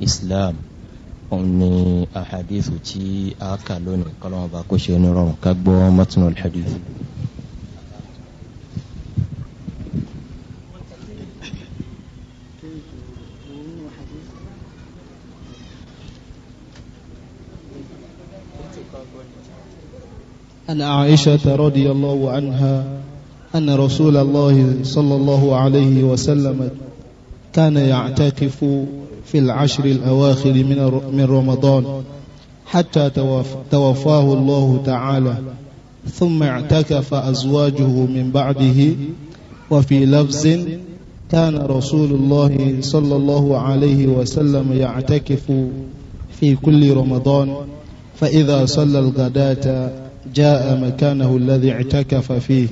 islam òun ni ahadithu tí a kà lónìí kọ́lọ́mọba kó ṣe onírọ̀rùn ká gbọ́ mọ́tún alhadith. عن عائشة رضي الله عنها أن رسول الله صلى الله عليه وسلم كان يعتكف في العشر الأواخر من من رمضان حتى توفاه الله تعالى ثم اعتكف أزواجه من بعده وفي لفظ كان رسول الله صلى الله عليه وسلم يعتكف في كل رمضان فإذا صلى الغداة جاء مكانه الذي اعتكف فيه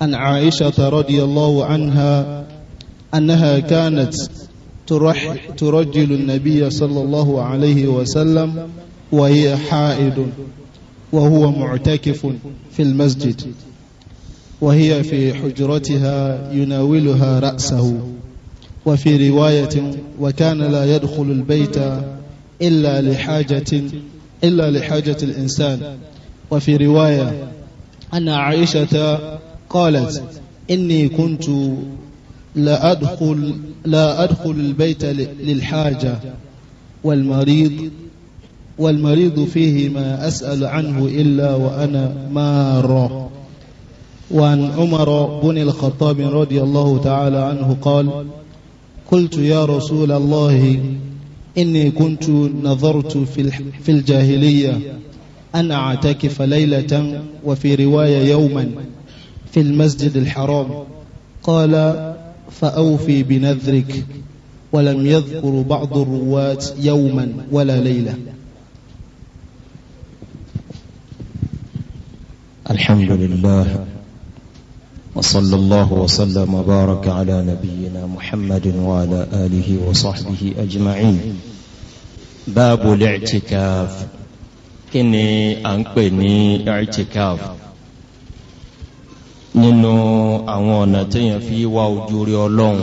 عن عائشة رضي الله عنها أنها كانت ترح ترجل النبي صلى الله عليه وسلم وهي حائد وهو معتكف في المسجد وهي في حجرتها يناولها رأسه وفي رواية وكان لا يدخل البيت إلا لحاجة إلا لحاجة الإنسان وفي رواية أن عائشة قالت إني كنت لا أدخل, لا أدخل البيت للحاجة والمريض والمريض فيه ما أسأل عنه إلا وأنا مار وعن عمر بن الخطاب رضي الله تعالى عنه قال قلت يا رسول الله إني كنت نظرت في الجاهلية أن أعتكف ليلة وفي رواية يوما في المسجد الحرام قال فأوفي بنذرك ولم يذكر بعض الرواة يوما ولا ليلة الحمد لله وصلى الله وسلم وبارك على نبينا محمد وعلى آله وصحبه أجمعين باب الاعتكاف كني أنقني اعتكاف nínú àwọn ọ̀nà téèyàn fi wá ojú rí ọlọ́run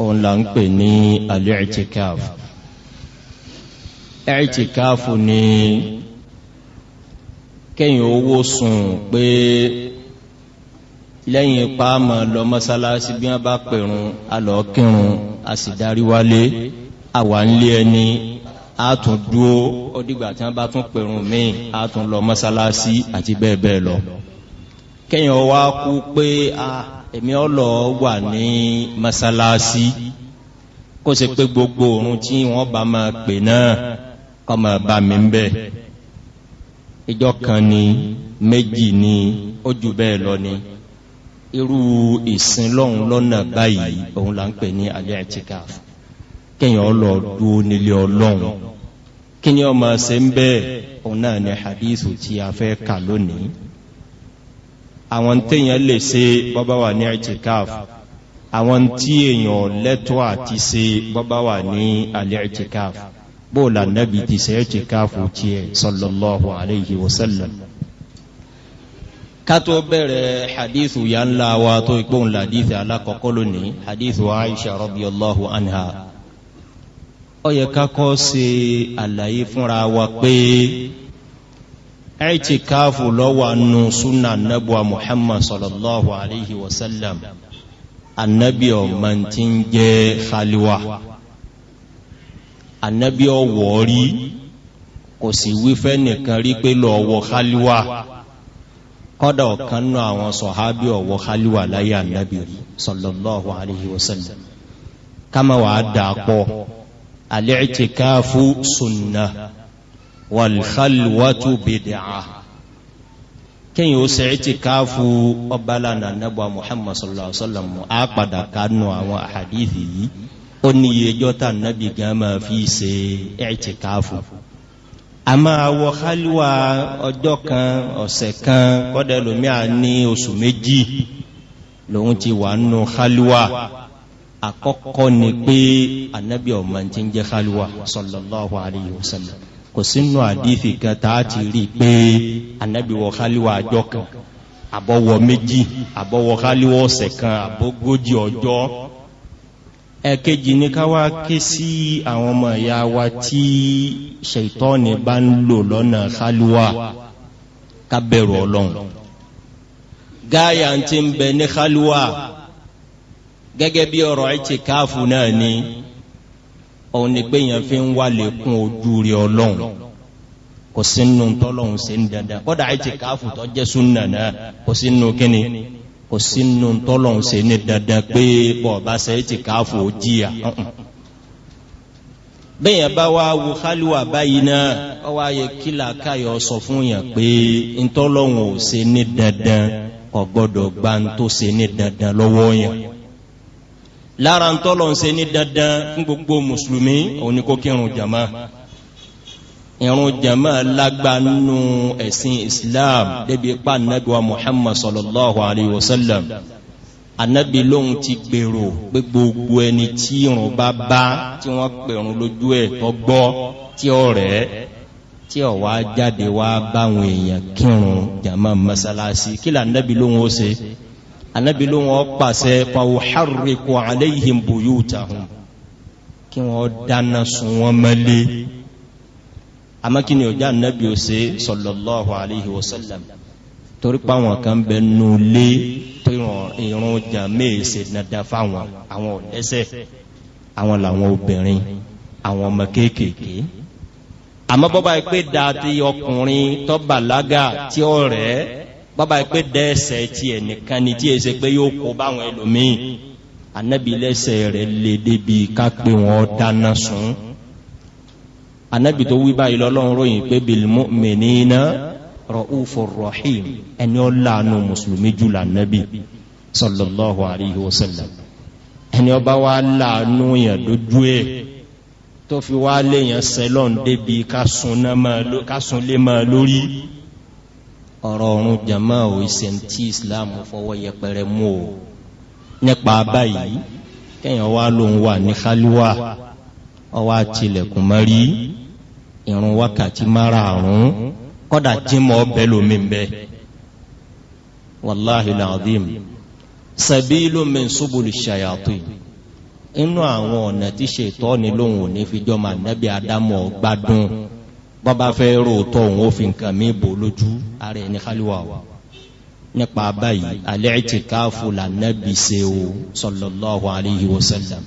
òun là ń pè ní al-i'tikaf i'tikaf ni kẹ́yìn owó sùn pé lẹ́yìn ipa mọ̀ lọ mọ́sálásí bí wọ́n bá pẹ̀rùn alọ́kírun a sì darí wálé àwa ń lé ẹni a tún dúó ó tí wọ́n bá tún pẹ̀rùn míì a tún lọ mọ́sálásí àti bẹ́ẹ̀ bẹ́ẹ̀ lọ. kéèyàn wá kú pé a èmi ọlọ́ wà ní masalasi kó se pé gbogbo òrùn tí wọ́n bá máa pè náà kọ́ bá mi ń bẹ̀ kan ni méjì ni ó jù lọ ni irú ìsìn lọ́hùn lọ́nà báyìí òun là ń pè ní alẹ́ ọlọ́ nílé ọlọ́run kí ni ọmọ ṣe ń bẹ́ẹ̀ òun náà ni àwọn téèyàn lè ṣe bọ́bá wà ní itikaf àwọn tí èèyàn lẹ́tọ́ àti ṣe bọ́bá wà ní alẹ́ itikaf bó la nabi ti ṣe itikaf tiẹ̀ sallallahu alayhi wa sallam. kátó bẹ̀rẹ̀ hadithu yà ńlá wa tó ìpóhùn ladìsí alákọ̀ọ́kọ́ lónìí hadithu aisha radiyallahu anha ó yẹ ká ṣe àlàyé fúnra wa pé ẹ̀tìkáàfù lọ́wọ́ nù súnà nẹ́bùwa muhammad sallallahu alaihi wasallam annabi ọmọ tí ń jẹ́ khaliwa annabi ọwọ́ rí kò sì wífẹ́ nìkan rí pé lọ ọwọ́ khaliwa kọ́dà ọ̀kan náà àwọn sọ̀hábí ọwọ́ khaliwa láyé annabi sallallahu alaihi wasallam kama wàá dàpọ̀ alẹ́tìkáàfù súnà wàlúhàlúwàtú bìdìá kéyìn ó ṣe ìtìkáfù ọbalànà nàbà muhammad sallallahu alaihi wa sallam á padà kánú àwọn àhàdìsì yìí ó ní iyejọ́ tá nàbì gan máa fi ṣe ìtìkáfù a máa wọ hálíwà ọjọ́ kan ọ̀sẹ̀ kan kọ́dẹ̀ lómíà ní oṣù méjì lòun ti wà nù hálíwà àkọ́kọ́ ni pé anabi ọ̀mọ̀ ti ń jẹ́ hálíwà sallallahu alaihi wa sallam kò sínú àdífì kan tàà ti rí pé anábìwọ̀ káliwà àjọ kan àbọ̀wọ̀ méjì àbọ̀wọ̀ káliwà ọ̀sẹ̀ kan àbógójì ọjọ́ ẹ̀kejì ní ká ké sí àwọn ọmọ ìyá wa tí ṣètọ́ni bá ń lò lọ́nà káliwà kábẹ̀rù ọlọ́run gáyà ti ń bẹ ní káliwà gẹ́gẹ́ bí ọ̀rọ̀ ẹ̀ ti káàfù náà ni òun ni pé yẹn fi ń wá lẹ́kùn ojú rí ọlọ́run kò sínú tọ́lọ́run ṣe ń dandan kódà àìtì káfù tó jẹ́ súnà náà kò sínú kíni kò sínú tọ́lọ́run ṣe ní dandan pé bọ̀ bá ṣe káfù ó jìyà bẹ́ẹ̀ bá wá wo kálíwà báyìí náà ọ wá yẹ kílà káyọ̀ sọ fún yàn pé ntọ́lọ́run ò ṣe ní dandan kò gbọ́dọ̀ gba ń tó ṣe ní dandan lọ́wọ́ yàn lára ń tọ́lọ̀ ń ṣe ní dandan fún gbogbo mùsùlùmí òun ni kó jama irun jama lágbàánu ẹ̀sìn islam débi pa anabi wa muhammad sallallahu alayhi wa sallam anabi lóhun ti gbèrò pé gbogbo ẹni tí irun bá bá tí wọ́n pèrun lójú ẹ̀ tó tí ó rẹ̀ tí ó wá jáde wá báwọn èèyàn kírun jama masalasi kí là anabi lóhun ó ṣe anabi ló wọn pàṣẹ fàwùhárìkù aléyìn buyutahum kí wọn dáná sun wọn mẹlẹ àmọ́ kí ni ọjà anabi ò ṣe sallallahu alayhi wa sallam torí pa àwọn kan bẹ nù lé tó ìrun jàmé ṣe dandan fáwọn àwọn ọ̀dẹ́sẹ̀ àwọn làwọn obìnrin àwọn ọmọ kéékèèké àmọ́ bọ́ba dàtí ọkùnrin tó tí ó rẹ̀ bọ́bá pé dẹ́ẹ̀sẹ̀ tí ẹnìkan ni tí è ṣe pé yóò kó báwọn ẹlòmíì anabi lẹ́sẹ̀ rẹ̀ lè débi ká pé wọ́n dáná sun anabi tó wí báyìí lọ́lọ́run ròyìn pé bilimu mẹ́nìínà rọ̀húfọ̀ rọ̀hìm ẹni ó láàánú mùsùlùmí jù lànàbì sọlọ́lọ́hu àríyí wọ́sẹ̀lẹ̀ ẹni ọba wa láàánú yẹn dójú ẹ̀ tó fi wá léèyàn sẹ́lọ̀n débi ká lé máa lórí ọ̀rọ̀ ọ̀run jama ò ìsẹ̀m tí islam fọwọ́ yẹpẹrẹ mú o nípa báyìí kẹ́yìn wá lòun wà ní khaliwa ọwọ́ àtìlẹ̀kùn mọ́rí ìrun wákàtí márààrún kọ́dà jímọ̀ ọbẹ̀ lómi ń bẹ́ wàláhi làdìm sabilu min subuli shayatin inú àwọn ọ̀nà tí ṣètọ́ ni lòun ò ní fi jọ́ mà nẹ́bí adamu ọgbádùn bọ́bá fẹ́ róòtọ́ òun ó fi nǹkan mí bò lójú ara ẹni kálíwà o nípa báyìí al-i'tikafu lànàbì ṣe o sallallahu alayhi wa sallam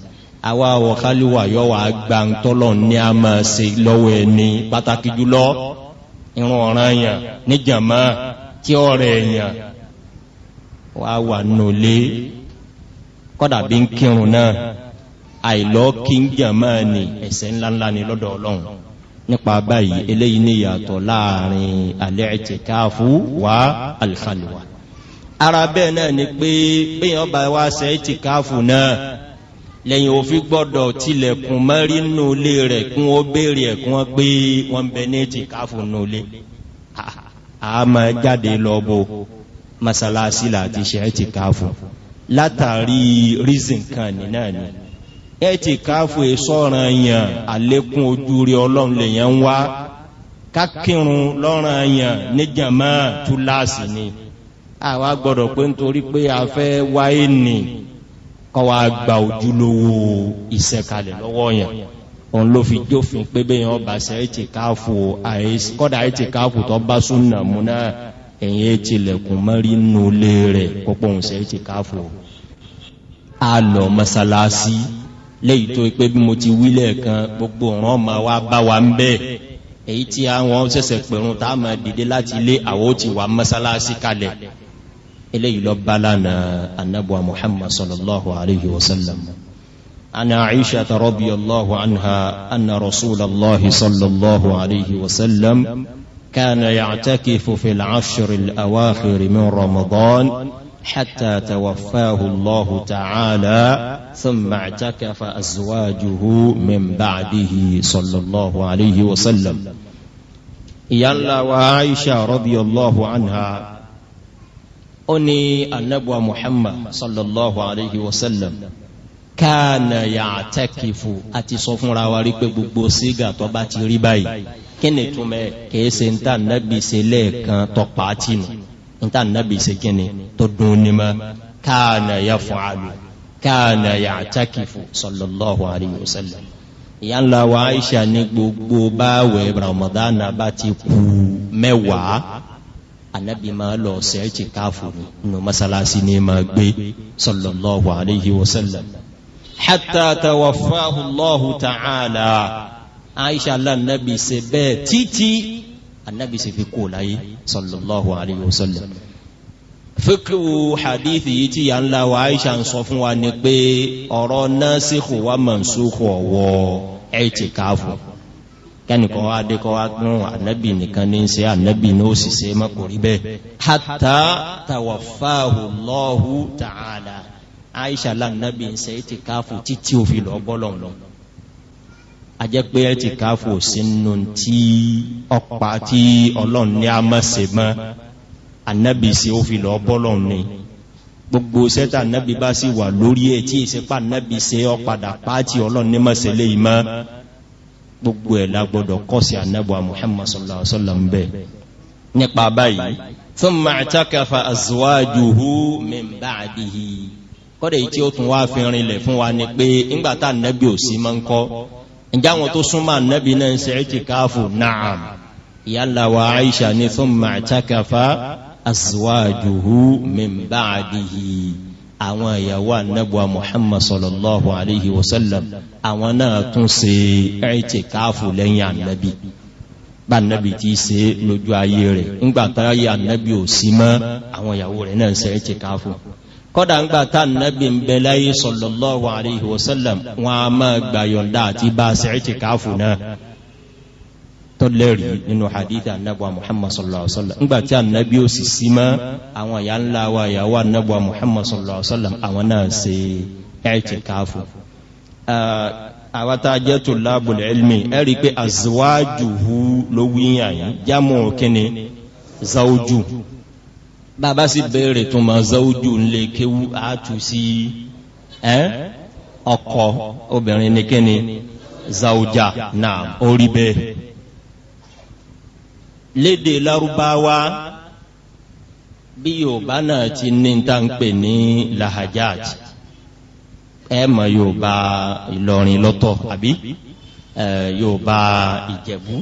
àwa àwọ̀ kálíwà yọ wà gbàǹtọ́lọ̀ ní a máa ṣe lọ́wọ́ ẹni pàtàkì jùlọ irun ọ̀ràn yàn níjàmá tí ọ̀rẹ́ yàn wà wà nùlé kọ́dà bí ń kírun náà àìlọ́ kí ń jàmá ni ẹ̀ṣẹ̀ ńláńlá ni lọ́dọ̀ Ọlọ́run nípa báyìí eléyìí ní yàtọ̀ láàrin al-i'tikafu wa al-khalwa ara bẹ́ẹ̀ náà ni pé bíyàn bá wá ṣe i'tikafu náà lẹ́yìn òfin gbọ́dọ̀ tilẹ̀kùn mẹ́rí nù lé rẹ̀ kún ó béèrè ẹ̀kún pé wọ́n bẹ ní i'tikafu nù lé àmọ́ jáde lọ́bọ̀ masalasi láti ṣe i'tikafu látàrí reason kan ní náà ni. Nani ẹ̀tì káfù ìsọ̀ràn yàn àlékún ojú rí ọlọ́run lèyàn ń wá kákìrún lọ́ràn yàn níjàmá túláàsì ni àwa gbọ́dọ̀ pé nítorí pé a fẹ́ wáyé nì kọ́ wa gba ojúlówó ìṣẹ̀kalẹ̀ lọ́wọ́ yàn òun ló fi jófin pé bẹ́ẹ̀ yẹn ọba ṣe ẹ̀tì káfù kọ́dà ẹ̀tì káfù tó bá súnà mú náà ẹ̀yìn ẹ̀tì lẹ̀kùn mọ́rí nulẹ̀ rẹ̀ kópa òun ṣe ẹ̀tì káfù a lọ mọ́sálásí léyìí tó pé bí mo ti wí lẹ́ẹ̀kan gbogbo ọ̀ràn máa wá bá wa ń bẹ́ẹ̀ èyí tí àwọn ṣẹ̀ṣẹ̀ pẹ̀rùn tá a máa dìde láti ilé àwọn ó ti wà mọ́sálásí kalẹ̀ eléyìí lọ bá lánàá anábọ̀ muhammad sallallahu alayhi wa sallam. عن عائشة رضي الله عنها أن رسول الله صلى الله عليه وسلم كان يعتكف في العشر الأواخر من رمضان حتى توفاه الله تعالى ثم اعتكف أزواجه من بعده صلى الله عليه وسلم يلا وعائشة رضي الله عنها أني النبوة محمد صلى الله عليه وسلم كان يعتكف أتي صفر وريك ببوسيقى طبات رباي كنتم كيسنتا نبي سليكا طباتين níta nàbì ṣe kíni tó dùn ní ma káànà yaf'alu káànà ya'takifu sallallahu alayhi wa sallam ìyá ńlá wa aisha ní gbogbo báwẹ̀ ramadana bá ti kú mẹ́wàá anabi máa lọ ṣe é ti káfù nínú masalasi ní ma gbé sallallahu alayhi wa sallam hatta tawaffahu allahu ta'ala aisha lánàbì ṣe bẹ́ẹ̀ títí. النبي sì أي kú الله عليه وسلم wa sallam. fíkú hadith yìí tí yà ń la wa aisha ń sọ fún wa ni pé ọ̀rọ̀ nasikhu wa mansukhu ọ̀wọ́ ẹ̀tìkáfù kẹ́nìkan wá dé kọ́ wá gbọ́n ànábì nìkan ní ṣe ànábì ní ó sì ṣe má kò rí bẹ́ẹ̀ hatta tawaffahu Allahu ta'ala aisha lánàbì ń ṣe ẹ̀tìkáfù títí ó fi lọ́wọ́ ajẹ́pẹ́ ẹ ti káfò sínú tí ọpa tí ọlọ́run ní a mọ̀ sí mọ́ anabi sí ó fi lọ́ọ́ bọ́lọ̀ ni gbogbo sẹ́tà anabi bá sì wà lórí ẹ̀ tí ìsepá anabi ṣe ọ́ padà ọlọ́run ní mọ̀ sí mọ́ gbogbo ẹ̀ la kọ́ sí anabi muhammad sallallahu alaihi wa sallam bẹ́ẹ̀ nípa báyìí fún màtákàfà azuwájuhu mẹ́mbà àdìhì kọ́dẹ̀ tí ó tún wá fi rinlẹ̀ fún wa ni pé ńgbà tá anabi ò sí máa ń kọ́ ǹjẹ́ àwọn tó súnmọ́ ànábì náà ń ṣe ìtìkáfù na'am ìyálà wa Aisha ní thumma i'takafa azwajuhu min ba'dihi àwọn ìyàwó ànábùwà Muhammad sallallahu alayhi wa sallam àwọn náà tún ṣe ìtìkáfù lẹ́yìn ànábì bá ànábì ti ṣe lójú ayé rẹ̀ ńgbà táyé ànábì ò sí mọ́ àwọn ìyàwó rẹ̀ náà ń ṣe ìtìkáfù kọ́dà ń gbà tá nàbì ń bẹ láyé sallallahu alayhi wa sallam wọn a máa gbà yọ̀ǹda àti bá a sẹ́ẹ̀ ti káfù náà tọ́lẹ̀rì nínú hadith anabuwa muhammad sallallahu alayhi wa sallam ńgbà tí anabi ó sì sí mọ́ àwọn ìyá ńlá wa ìyàwó anabuwa muhammad sallallahu alayhi àwọn náà ṣe ẹ̀ ti káfù. àwa tá a jẹ́ tulabul ilmi ẹ̀ rí i pé azwajuhu ló wíyàn yìí jámọ̀ kínní bàbá sì béèrè tó máa zawudu ńlẹ kéwu àtú sí ọkọ obìnrin ní kíni zawuja náà orí bẹ́ẹ̀ lédè Lárúbáwá bí Yorùbá náà ti ní ta ń pè ní lahajat ẹ mọ̀ Yorùbá Ìlọrin lọ́tọ̀ àbí Yorùbá Ìjẹ̀bú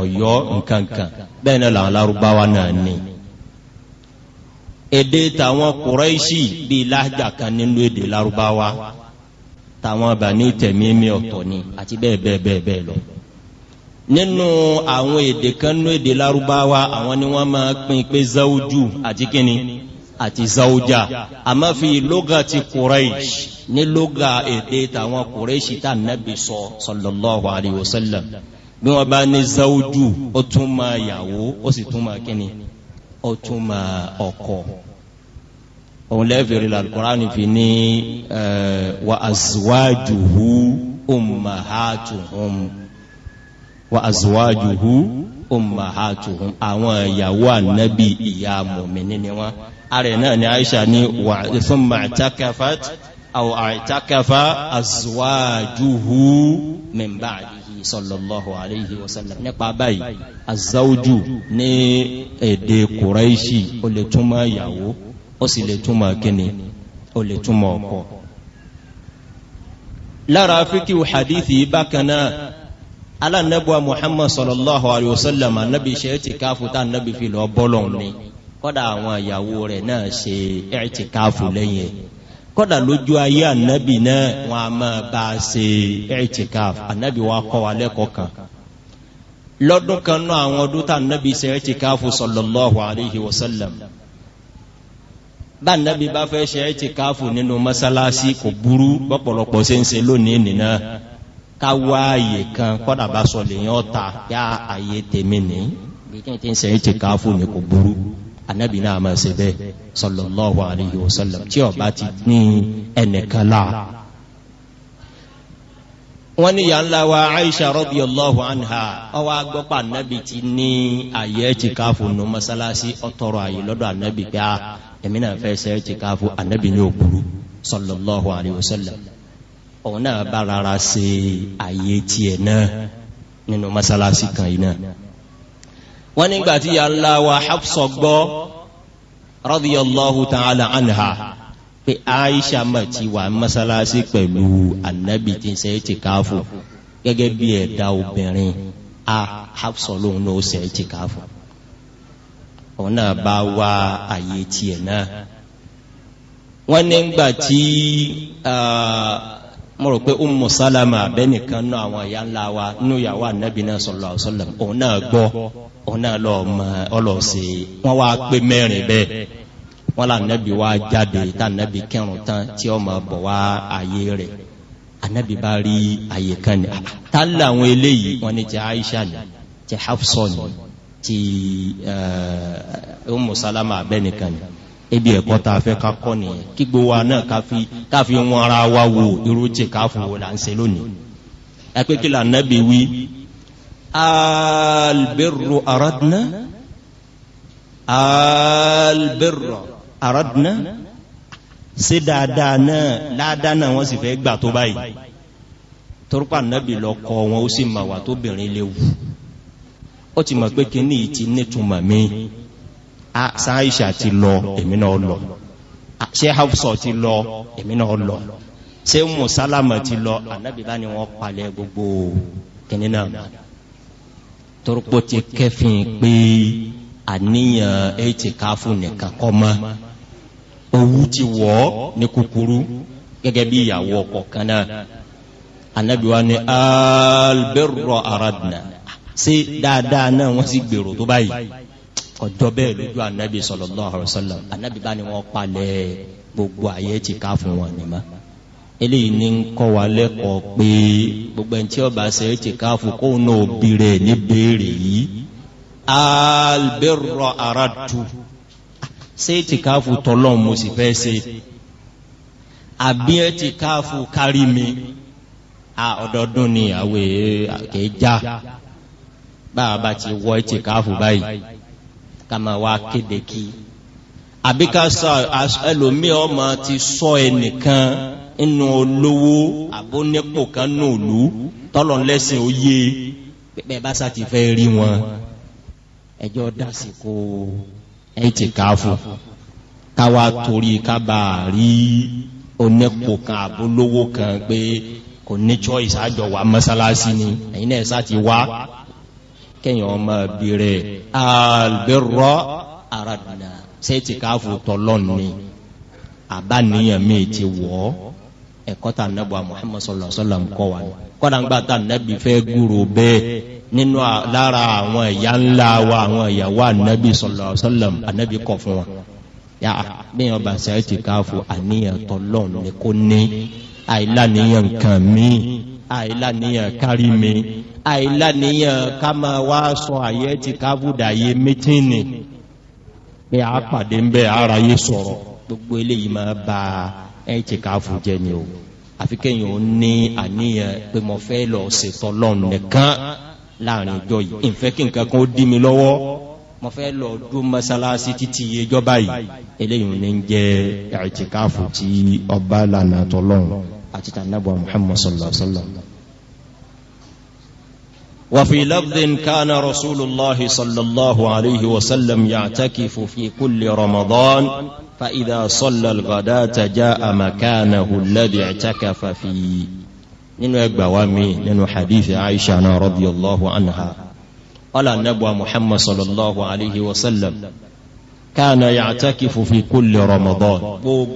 Ọ̀yọ́ nǹkankan bẹ́ẹ̀ náà Lárúbáwá náà ní. La èdè tàwọn kùrẹ́ṣì bíi lájà kan nínú èdè lárúbáwá tàwọn Bani Tamimi ọ̀tọ̀ ni àti bẹ́ẹ̀ bẹ́ẹ̀ bẹ́ẹ̀ bẹ́ẹ̀ lọ. nínú àwọn èdè kan nínú èdè lárúbáwá àwọn ni wọ́n máa pín pé zawuju àti kíni àti zawuja àmọ́ fi lóga ti kùrẹ́ṣì ní lóga èdè tàwọn kùrẹ́ṣì tá nàbì sọ sallallahu alayhi wa sallam bí wọ́n bá ní zawuju ó tún máa yàwó ó sì tún máa kíni ó tún máa ọkọ òun lẹ́fẹ̀ẹ́rẹ́ lálùkùránì fi ní wa azwajuhu ummahatuhum wa azwajuhu ummahatuhum àwọn ìyàwó ànábì ìyá mùmínì ni wọ́n ààrẹ náà ni Aisha ní wa thumma i'takafat aw i'takafa azwajuhu min ba'dihi sallallahu alayhi wa sallam nípa báyìí azawju ní èdè Quraishi ó lè túmọ̀ ìyàwó ó sì lè túmọ̀ kíni ó lè túmọ̀ ọ̀pọ̀. lára fíkì hadithi bákan náà alanabuwa muhammad sallallahu alayhi wa sallam anabi ṣe é ti káfù tá anabi fi lọ bọ́lọ̀ ni kọ́dà àwọn ìyàwó rẹ̀ náà ṣe é ti káfù lẹ́yìn kọ́dà lójú ayé anabi náà wọn a máa bá a ṣe é káfù anabi wa kọ́ wa lẹ́kọ̀ọ́ kan lọ́dún kan náà àwọn ọdún tá anabi ṣe é káfù sallallahu alayhi wa sallam bá nàbí bá fẹ́ ṣe ẹ́ ti káfù nínú mọ́sálásí kò burú bọ́pọ̀lọpọ̀ ṣe ń ṣe lónìí nìna ká wá àyè kan kọ́dà bá sọ lèyàn ọ̀ta yá àyè tèmi ní kí n ti ń ṣe ẹ́ káfù ní kò burú anabi náà máa ṣe bẹ́ẹ̀ sallallahu alayhi wa sallam tí ọba ti ní ẹnìkan la. wọ́n ní yà ńlá wa aisha radiyallahu anha ọwọ́ agbọ́pọ̀ anabi ti ní àyè ẹ́ ti káfù nínú mọ́sálásí ọ̀tọ̀rọ̀ èmi náà fẹ́ ṣe ẹ̀tìkáfù anabi ní òkúrú sallallahu alayhi wa sallam òun náà bá rárá ṣe àyè tiẹ̀ náà nínú masalasi kan yìí náà. wọ́n nígbà tí yàrá wa Hafsa gbọ́ radiyallahu ta'ala anha pé Aisha mà wà masalasi pẹ̀lú anabi tí ń ṣe ẹ̀tìkáfù gẹ́gẹ́ bí ẹ̀dá obìnrin a Hafsa lòun náà ṣe ẹ̀tìkáfù òun náà bá wá àyè tiẹ̀ náà wọ́n ní ngbà tí mo rò pé umu salama abẹ́nìkan náà àwọn ìyá ńlá wa nínú ìyàwó anabi náà sọlọ sọlọ òun náà gbọ́ òun náà lọ mọ ọlọ́ọ̀sẹ̀ wọ́n wá pé mẹ́rin bẹ́ẹ̀ wọ́n là anabi wá jáde tá anabi kẹrùn tán tí ọmọ bọ̀ wá àyè rẹ̀ anabi bá rí àyè kan ní. tá làwọn eléyìí wọ́n ní ti aisha ní ti hafsọ ní ti Ummu Salama abẹ́nìkan ni ebi ẹ̀kọ́ ta fẹ́ ká kọ́ nìyẹn kí gbogbo wa náà ká fi wọn ara wa wo irú tí ká fún wọn là ń ṣe lónìí ẹgbẹ́ kí lànàbí wí albirru aradna albirru aradna ṣe dáadáa náà dáadáa náà wọ́n sì fẹ́ gbà tó báyìí torípa nàbì lọ kọ wọn ó sì mà wà tóbìnrin léwu ó ti mọ̀ pé kíní yìí ti nítumọ̀ mi a sáyíṣà ti lọ èmi náà lọ ṣé hafsọ ti lọ èmi náà lọ ṣé musalama ti lọ anabi bá ní wọn palẹ̀ gbogbo kíní náà torókó ti kẹfìn pé àníyàn ètí káfù nìkan kọ́ mọ́ owó ti wọ̀ ní kúkúrú gẹ́gẹ́ bí ìyàwó ọkọ kan náà anabi wa ni albirro aradna ṣé dáadáa náà wọ́n sì gbèrò tó báyìí ọjọ́ bẹ́ẹ̀ lójú anabi sallallahu alaihi wasallam anabi bá ní wọ́n palẹ̀ gbogbo ayé ti ká fún wọn nìmọ́ eléyìí ní ń kọ́ wa lẹ́kọ̀ọ́ pé gbogbo ẹni tí ó bá ṣe é ti ká fún kóun náà òbí rẹ̀ ní yìí albirro aratu ṣé ti ká fún tọ́lọ́ mo sì fẹ́ ṣe àbí ẹ ti ká fún kárí mi ọdọọdún ni àwẹ̀ àkẹ́já báwa bá ti wọ ẹtì káfù báyìí ká máa wá kéde kí àbí ká sọ ẹlòmíì ọmọ ti sọ ẹnìkan nínú olówó àbónípò kan nùlù tọlọ lẹsìn oyè pẹpẹ bá sá ti fẹ rí wọn ẹjọ dásìkò ẹtì káfù káwa torí kábà rí onípò kan àbólówó kan pé kò ní choice àjọ wa mọ́sálásí ni ẹ̀yin náà sá ti wá kẹ́yìn ọmọ bìrẹ albirọ aradana ṣéètì káfù tọlọ́ọ̀ni àbáníyàn mi ti wọ̀ ọ́ ẹ̀kọ́ ta nẹ́bù Muhammad sallallahu alaihi wasallam ńkọ́ wa kọ́dà ń gbà ta nẹ́bì fẹ́ gúrò bẹ́ẹ̀ nínú lára àwọn ìyá ńlá wa àwọn ìyàwó ànẹ́bì sallallahu alaihi wasallam ànẹ́bì fún wa yà bẹ́ẹ̀ ọba ṣéètì káfù àníyàn tọlọ́ọ̀ni kò ní àìláníyàn nǹkan mi àìláníyàn kárí mi àìláníyàn ká máa wá sọ àyè ti kábùdà yé mítìnì pé a pàdé ń bẹ ara yé sọ̀rọ̀ gbogbo eléyìí máa ba ẹ̀ ti káfù jẹ́ ni o àfi kẹ́yìn ò ní àníyàn pé mo fẹ́ lọ ṣètò lọ́nà nìkan láàrin ìjọ yìí ìfẹ́ kí nǹkan kan ó dí mi lọ́wọ́ mo fẹ́ lọ dún mọ́sálásí títí ìjọba yìí eléyìí ní ń jẹ́ ẹ̀ káfù tí ọba lànà tọ́lọ́run àti tànàbọ̀ Muhammad sallallahu alaihi wa sallam. وفي لفظ كان رسول الله صلى الله عليه وسلم يعتكف في كل رمضان فإذا صلى الغداة جاء مكانه الذي اعتكف فيه ننو يقبوامي ننو حديث عائشة رضي الله عنها قال النبوة محمد صلى الله عليه وسلم كان يعتكف في كل رمضان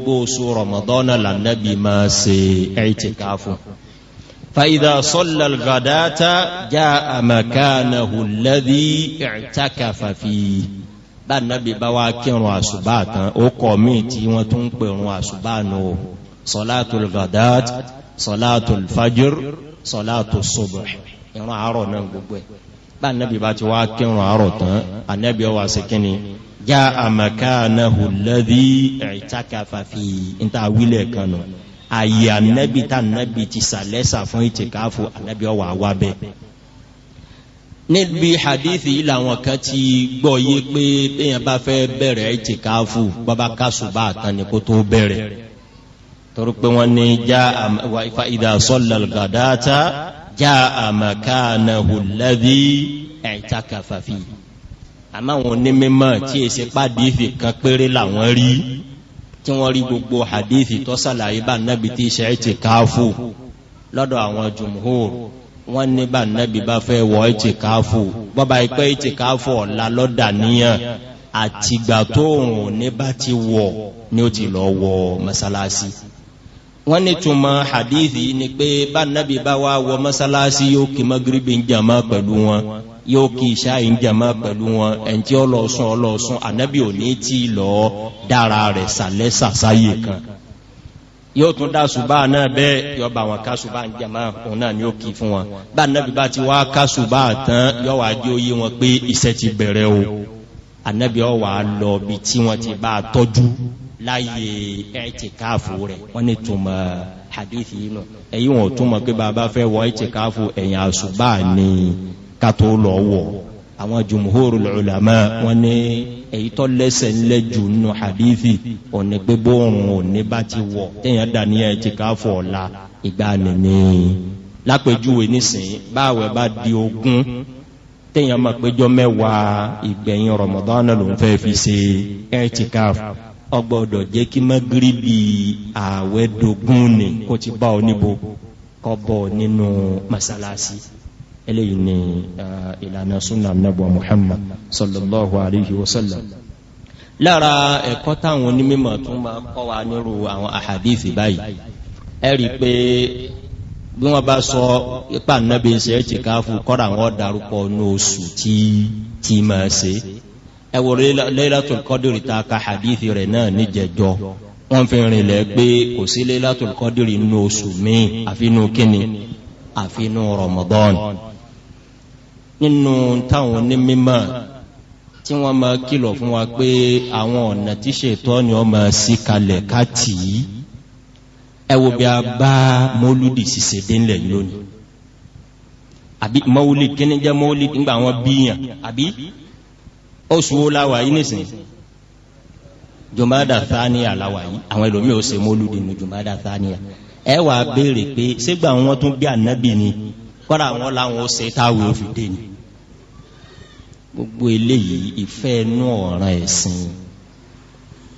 بوسو رمضان للنبي ما سي اعتكافه فإذا صلى الغداة جاء مكانه الذي اعتكف فيه bá nàbí bá wá kírun àṣùbá tán ó kọ míì tí wọn tún ń pèrun àṣùbá nù o sọláàtul ghadat sọláàtul fajr sọláàtul subh irun àárọ̀ náà gbogbo ẹ bá nàbí bá ti wá kírun àárọ̀ tán ànàbí ọwọ àṣekínni já àmàkà náà hùlẹ́dí ẹ̀ẹ́tàkàfàfì níta wílẹ̀ kan àyè ànábì tá ànábì ti sàlẹ́sà fún ìtìkáfù ànábì ọ̀wà wá bẹ́ẹ̀. níbi hadithi yìí làwọn kan ti gbọ́ yé pé bẹ́yẹn bá fẹ́ bẹ̀rẹ̀ ìtìkáfù bàbá kásùbà tán ni kó tó bẹ̀rẹ̀ torí pé wọ́n ní já àmà ìdá sọ́lá já àmà káànà hùlẹ́dí ẹ̀ẹ́tàkàfàfì àmọ́ àwọn onímọ̀ tí èsì pàdé ìfì kan péré làwọn rí tí wọ́n rí gbogbo hadithi tó sàlàyé bá nábi tí ṣe ti káfù lọ́dọ̀ àwọn jùmhur wọ́n ní bá nábi bá fẹ́ wọ́ ti káfù bọ́bá ipẹ́ ti káfù ọ̀la lọ́dà níyàn àtìgbà tó òun ní bá ti wọ̀ ni ó ti lọ wọ mọ́sálásí wọ́n ní túmọ̀ hadithi ni pé bá nábi bá wá wọ mọ́sálásí yóò kí mọ́gíríbì ń jàmá pẹ̀lú wọn yóò kí iṣẹ́ àyíjàmá pẹ̀lú wọn ẹni tí ọlọ́sùn ọlọ́sùn ànábì ò ní tí lọ dára rẹ̀ sàlẹ̀ sàsáyè kan yóò tún dá ṣùgbà náà bẹ́ẹ̀ yóò bá wọn ká ṣùgbà ń jàmá òun náà ni ó kì í fún wọn bá ànábì bá ti wá ká ṣùgbà tán yóò wá jẹ́ òye wọn pé iṣẹ́ ti bẹ̀rẹ̀ o ànábì ọ̀ wá lọ bí tí wọ́n ti bá a tọ́jú láyé ẹ̀ẹ́tìkáàfù rẹ̀ wọ́n ní túmọ̀ hadithi yìí nù ẹ̀yìn wọn ò túmọ̀ pé bàbá fẹ́ wọ ẹ̀ẹ́tìkáàfù ẹ̀yìn àṣùgbà ni kátó lọ wọ̀ àwọn jumhurul ulama wọn ní èyí tó lẹ́sẹ̀ ńlẹ̀ jù nù hadithi òní pé bóòrùn òní bá ti wọ̀ téèyàn dání ẹ̀ ti ká fọ̀ ọ̀la ìgbà nìní lápèjúwe nísìnyí báwẹ̀ bá di ogún téèyàn máa péjọ mẹ́wàá ìgbẹ̀yìn Ramadan ló ń fẹ́ fi ṣe ẹ̀tìkáf ọgbọ́dọ̀ jẹ́ kí mẹ́gíríbì ààwẹ̀ dogun ni kó ti bá ọ níbo kọ́ bọ̀ nínú mọ́sálásí. No eléyìí ni ìlànà sunna nabu muhammad sallallahu alayhi wa sallam lára ẹ̀kọ́ táwọn onímọ̀ tún máa kọ́ wa nírú àwọn àhàdíìsì báyìí ẹ rí i pé bí wọ́n bá sọ ipa nàbí ṣe é ti ká fún kọ́ra àwọn darúpọ̀ ní oṣù tí tí máa ṣe ẹ wò Laylatul Qadri ta ka àhàdíìsì rẹ̀ náà níjẹ̀jọ́ wọ́n fi rìnlẹ̀ pé kò sí Laylatul Qadri ní oṣù míì àfinú kíni àfinú Ramadan nínú táwọn onímọ̀ tí wọ́n máa kìlọ̀ fún wa pé àwọn ọ̀nà tí ṣètò ni wọ́n máa sí kalẹ̀ ká tì í ẹ wo bí a bá mọ́lúdì ṣiṣẹ́ délẹ̀ lónìí àbí mọ́wúlì kíní jẹ́ mọ́wúlì nígbà wọn bíyàn àbí oṣù wo la yìí nìsín jùmọ́dà thaniya la yìí àwọn ẹlòmíì ṣe mọ́lúdì ní jùmọ́dà thaniya ẹ wàá béèrè pé ṣégbà wọn tún bí ànábì ni. Jumada, kọ́ra àwọn làwọn ó ṣe táwọn ò fi dé ni gbogbo eléyìí ìfẹ́ inú ọ̀ràn ẹ̀sìn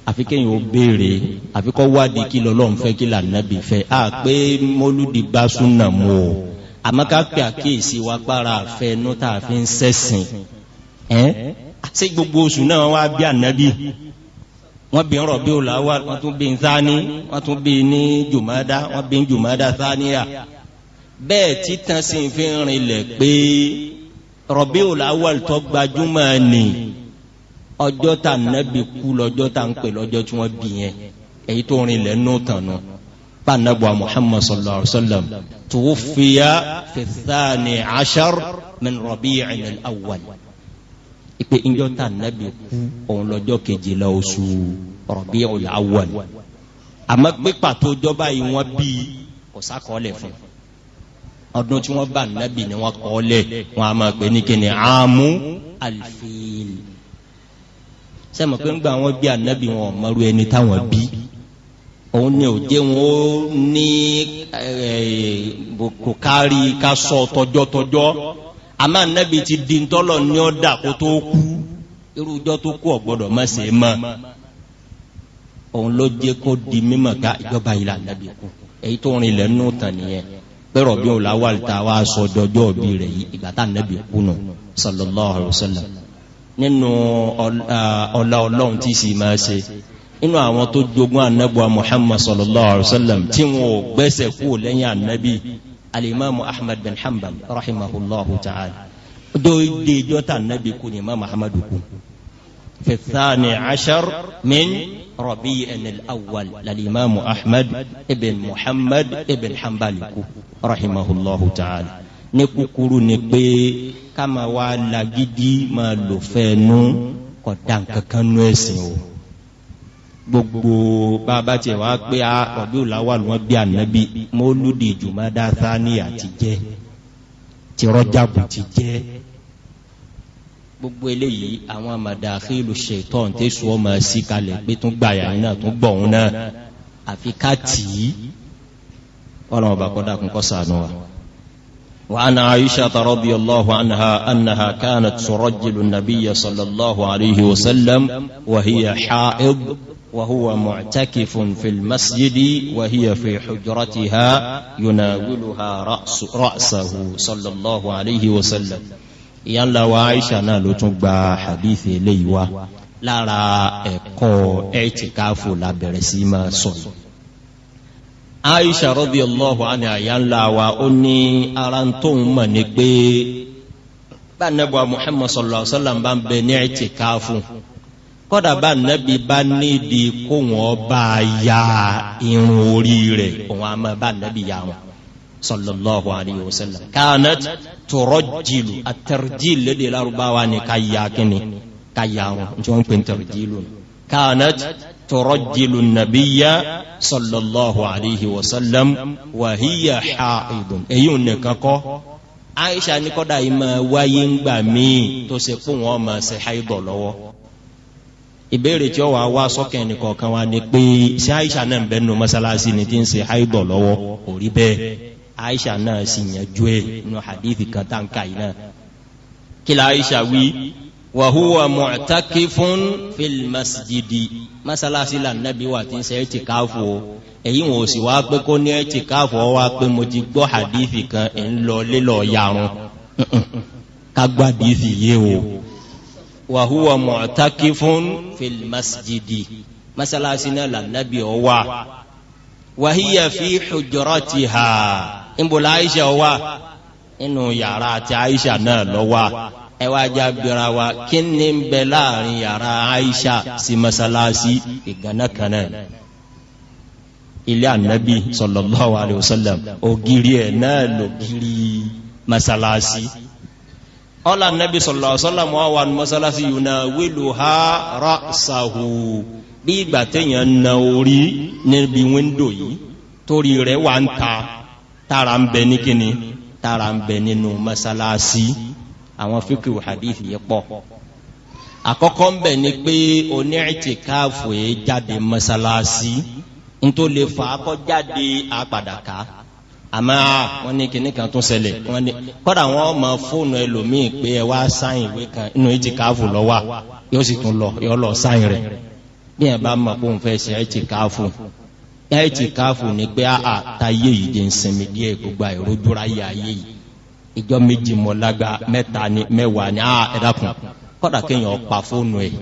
àfi kéèyàn ó béèrè àfi kọ́ wádìí kí lọ́lọ́run fẹ́ kí lànàbì fẹ́ a pé mọ́lúdi bá súnà mú o àmọ́ ká pè àkíyèsí wa para àfẹ́ inú tá a fi ń sẹ́sìn ẹ́ àti gbogbo oṣù náà wá bí ànábì wọ́n bí ọ̀rọ̀ bí òlàwà wọ́n tún bí ń sáni wọ́n tún bí ní jùmọ́dá wọ́n bí ń jùmọ́dá sáni à bẹ́ẹ̀ títan sì fi rinlẹ̀ pé Rabiul Awwal tó gbajúmọ̀ ni ọjọ́ tá nàbì kú lọ́jọ́ tá ń pè lọ́jọ́ tí wọ́n bì yẹn èyí tó rinlẹ̀ nù tànù pa nàbùwà Muhammad sallallahu alayhi wa sallam tuwuffiya fi thani ashar min Rabi'il Awwal ìpè ìjọ tá nàbì kú òun lọ́jọ́ kejìlá oṣù Rabi'ul Awwal àmọ́ pípa tó jọba yìí wọ́n bí kò sákọọ́lẹ̀ fún un ọdún tí wọ́n bá nábì ni wọ́n kọ́ lẹ̀ wọ́n a máa pè ní kí ni àmú alfil sẹ́mọ̀ pé ń gba àwọn bí ànábì wọn ọ̀mọ́rú ẹni táwọn bí òun ni ò jẹ́ wọn ó ní kò kárí ká sọ tọjọ́tọjọ́ àmọ́ ànábì ti di ntọ́lọ̀ ní ọ̀dà kó tó kú irú ọjọ́ tó kú ọ̀gbọ́dọ̀ má ṣe é mọ́ òun ló jẹ́ kó di mímọ̀ ká ìjọba ìlànà bí kú èyí tó rìn lẹ́nu tàn nìyẹn pẹ̀rọ̀ bí òun láwà ta wá sọ dọjọ́ bí rẹ̀ yìí ìgbà tá nẹ́bí kùnà sallallahu alaihi wasallam nínú ọlá ọlọ́run tí sì máa ṣe inú àwọn tó jogún ànẹ́bùwa Muhammad sallallahu alaihi wasallam tí wọn ò gbẹ́sẹ̀ kú lẹ́yìn ànẹ́bí alimamu Ahmad bin Hanbal rahimahullahu ta'ala dóde ìjọ́ta ànẹ́bí kù imam Ahmad kù في الثاني عشر من ربيع الأول للإمام أحمد ابن محمد ابن حنبل رحمه الله تعالى ní kúkúrú ni pé ká máa wá lagidi máa lò fẹ́ẹ́nu kọ̀dá nǹkan kan nú ẹ̀sìn o gbogbo bàbá tiẹ̀ wá pé a ọ̀bí ò láwà ló wọ́n bí ànábì mọ́lúdì jùmọ́dá sáníyà ti jẹ́ tìrọ́jàbù ti jẹ́ gbogbo eléyìí àwọn madakilu ṣètọ́n tẹ sọ ma sí kalẹ̀ pé tún gbà yà náà tún gbọ̀ òun náà àfi ká tì í ọlọ́run ọba kọ́dà kún kọ́ sànù wa. وعن عائشة رضي الله عنها أنها كانت ترجل النبي صلى الله عليه وسلم وهي حائض وهو معتكف في المسجد وهي في حجرتها يناولها رأس رأسه صلى الله عليه وسلم ìyá ńlá wa aisha náà ló tún gba hadith eléyìí wá lára ẹ̀kọ́ ẹ̀tìkáfò la bẹ̀rẹ̀ sí máa sọ̀rọ̀ aisha radiyallahu anha ìyá ńlá wa ó ní ara ń tóun mọ̀ ní pé bá nẹ́bùa muhammad sallallahu alaihi wasallam bá ń bẹ ní ẹ̀tìkáfò kọ́dà bá nẹ́bi bá nídi kó wọ́n bá ya irun orí rẹ̀ òun a bá nẹ́bi ya wọn sallallahu alaihi wasallam kanat tọrọjìlù àtẹrìjìlù lédè lárúbáwá ni ká yà kíni ká yà wọn tí wọn pè ń tẹrìjìlù kánat tọrọjìlù nàbíyà sallallahu alayhi wa sallam wàhíyà xaidùn èyí ò nìkan kọ aisha ní kọ́dà yìí máa wáyé ń gbà míì tó ṣe fún wọn máa ṣe xaidọ̀ lọ́wọ́ ìbéèrè tí ó wàá wá sọ́kẹ́ nìkan kan wá ni pé ṣé aisha náà ń nu mọ́sálásí ni ti ń ṣe xaidọ̀ lọ́wọ́ kò rí aisha náà sì yanjú ẹ nínú hadith kan tá n ka yìí náà kí la aisha wí wa huwa mu'takifun fil masjidi masalasi la nabi wa ti ṣe ẹtìkáfù o èyí wọn ò sì wá pé kó ní ẹtìkáfù ọ wá pé mo ti gbọ́ hadith kan ń lọ lílọ yarun ká gbọ́ hadith yé o wa huwa mu'takifun fil masalasi náà la nabi ọ wá wa hiya fi hujratiha níbola aisha wa inú yàrá àti aisha náà lọ wa ẹ wá já bira wa kí ni ń bẹ láàrin yàrá aisha sí masalasi ìgànnà kan náà ilé anabi sallallahu alayhi wa sallam ògiri ẹ náà lògiri masalasi ọlá anabi sallallahu alayhi wa sallam wà wà ní masalasi yìí náà wílù ha ra sahu bí ìgbà téèyàn na orí níbi wíńdò yìí torí rẹ̀ wà ń ta tara ń bẹ ní kíni tara ń bẹ nínú mọ́sálásí àwọn fíkì hadith yìí pọ̀ àkọ́kọ́ ń bẹ ni pé oníìtìkáàfù yìí jáde mọ́sálásí nítorí lè fà á kọ́ jáde àpàdàkà àmọ́ wọ́n ní kíní kan tún ṣẹlẹ̀ wọ́n ní kọ́dà wọ́n mọ fóònù ẹlòmíì pé ẹ wá sáyìn ìwé kan inú ìtìkáàfù lọ wà yóò sì tún lọ yọ lọ sáyìn rẹ̀ bí ẹ bá mọ̀ pé òun fẹ́ ṣe ìtìkáàfù ẹ̀ẹ́tì káfù ní pé àà táyé yìí di ń sinmi díẹ̀ gbogbo àìrójúra yà ayé yìí ìjọ méjì mọ̀lága mẹ́ta ni mẹ́wàá ni àà ẹ̀dàkùn kọ́dà kéèyàn pa fóònù ẹ̀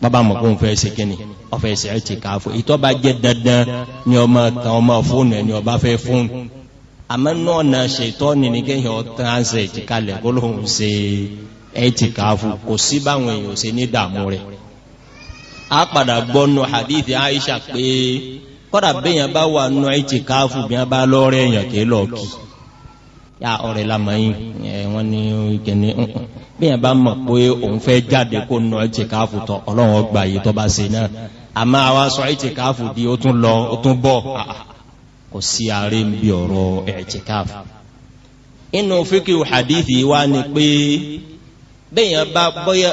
bàbá mọ̀ kó ń fẹ́ ṣe kíni ọ̀fẹ́ ṣe ẹ̀ẹ́tì káfù ìtọ́ bá jẹ́ dandan ni ọmọ kan ọmọ fóònù ẹ̀ ni ọba fẹ́ fóònù àmọ́ náà na ṣètọ́ ni ní kéèyàn transit kalẹ̀ kó lóun ṣe ẹ̀ẹ́tì káfù kò sí báwọn èèyàn ṣe ní dààmú rẹ̀ a padà gbọ́nu hadith Aisha pé kọ́dà bẹ́yàn bá wà nù ẹ̀tì káfù bí wọ́n bá lọ́rẹ́ èèyàn kì í lọ kì ya ọ̀rẹ́ lamọ́yìn ẹ̀ wọ́n ní ìkẹ́ni bẹ́yàn bá mọ̀ pé òun fẹ́ jáde kó nù ẹ̀tì káfù tọ́ ọlọ́run ọgbà yìí tọ́ ṣe náà àmọ́ àwa sọ ẹ̀tì káfù di ó tún lọ ó tún bọ̀ kò sí ààrẹ ń bí ọ̀rọ̀ ẹ̀tì káfù inú fíkì hadith wa ni pé bẹ́yàn bá bọ́yá